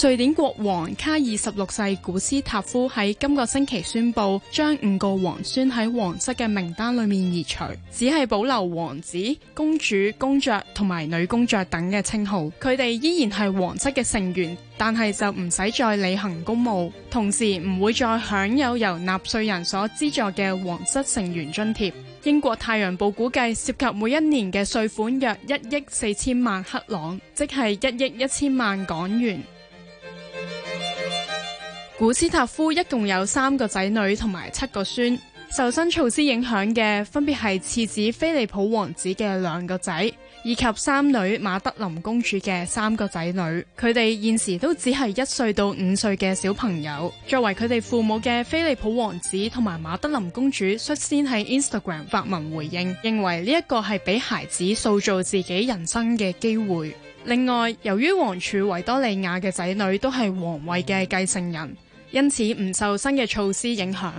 瑞典國王卡爾十六世古斯塔夫喺今個星期宣布，將五個王孫喺皇室嘅名單裏面移除，只係保留王子、公主、公爵同埋女公爵等嘅稱號。佢哋依然係皇室嘅成員，但係就唔使再履行公務，同時唔會再享有由納稅人所資助嘅皇室成員津貼。英國太陽報估計，涉及每一年嘅稅款約一億四千萬克朗，即係一億一千萬港元。古斯塔夫一共有三個仔女同埋七個孫，受新措施影響嘅分別係次子菲利普王子嘅兩個仔，以及三女馬德琳公主嘅三個仔女。佢哋現時都只係一歲到五歲嘅小朋友。作為佢哋父母嘅菲利普王子同埋馬德琳公主率先喺 Instagram 發文回應，認為呢一個係俾孩子塑造自己人生嘅機會。另外，由於王儲維多利亞嘅仔女都係皇位嘅繼承人。因此唔受新嘅措施影響。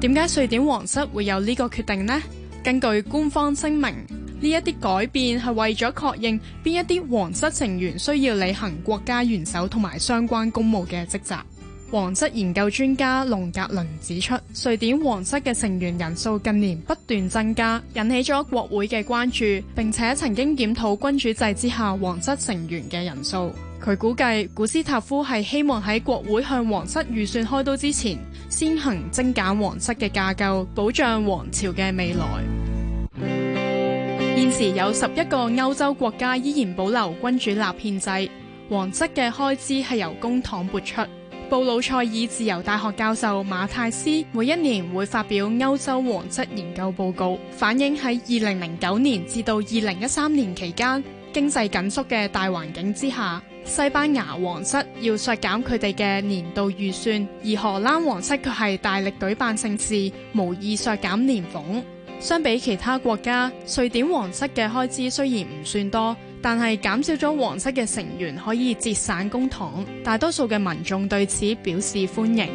點解瑞典王室會有呢個決定呢？根據官方聲明，呢一啲改變係為咗確認邊一啲王室成員需要履行國家元首同埋相關公務嘅職責。王室研究專家龍格倫指出，瑞典王室嘅成員人數近年不斷增加，引起咗國會嘅關注，並且曾經檢討君主制之下王室成員嘅人數。佢估計古斯塔夫係希望喺國會向皇室預算開刀之前，先行精簡皇室嘅架構，保障皇朝嘅未來。現時有十一個歐洲國家依然保留君主立憲制，皇室嘅開支係由公帑撥出。布魯塞爾自由大學教授馬泰斯每一年會發表歐洲皇室研究報告，反映喺二零零九年至到二零一三年期間，經濟緊縮嘅大環境之下，西班牙皇室要削減佢哋嘅年度預算，而荷蘭皇室卻係大力舉辦盛事，無意削減年俸。相比其他國家，瑞典皇室嘅開支雖然唔算多，但係減少咗皇室嘅成員可以節省公帑，大多數嘅民眾對此表示歡迎。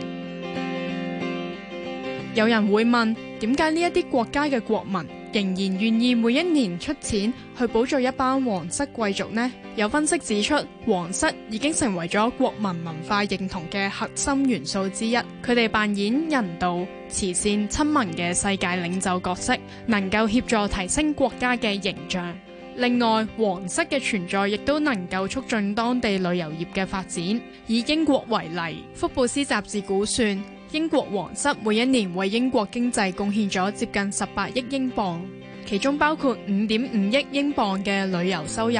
有人會問，點解呢一啲國家嘅國民，仍然願意每一年出錢去補助一班皇室貴族呢？有分析指出，皇室已經成為咗國民文化認同嘅核心元素之一，佢哋扮演人道、慈善、親民嘅世界領袖角色，能夠協助提升國家嘅形象。另外，皇室嘅存在亦都能夠促進當地旅遊業嘅發展。以英國為例，福布斯雜誌估算，英國皇室每一年為英國經濟貢獻咗接近十八億英鎊，其中包括五點五億英鎊嘅旅遊收入。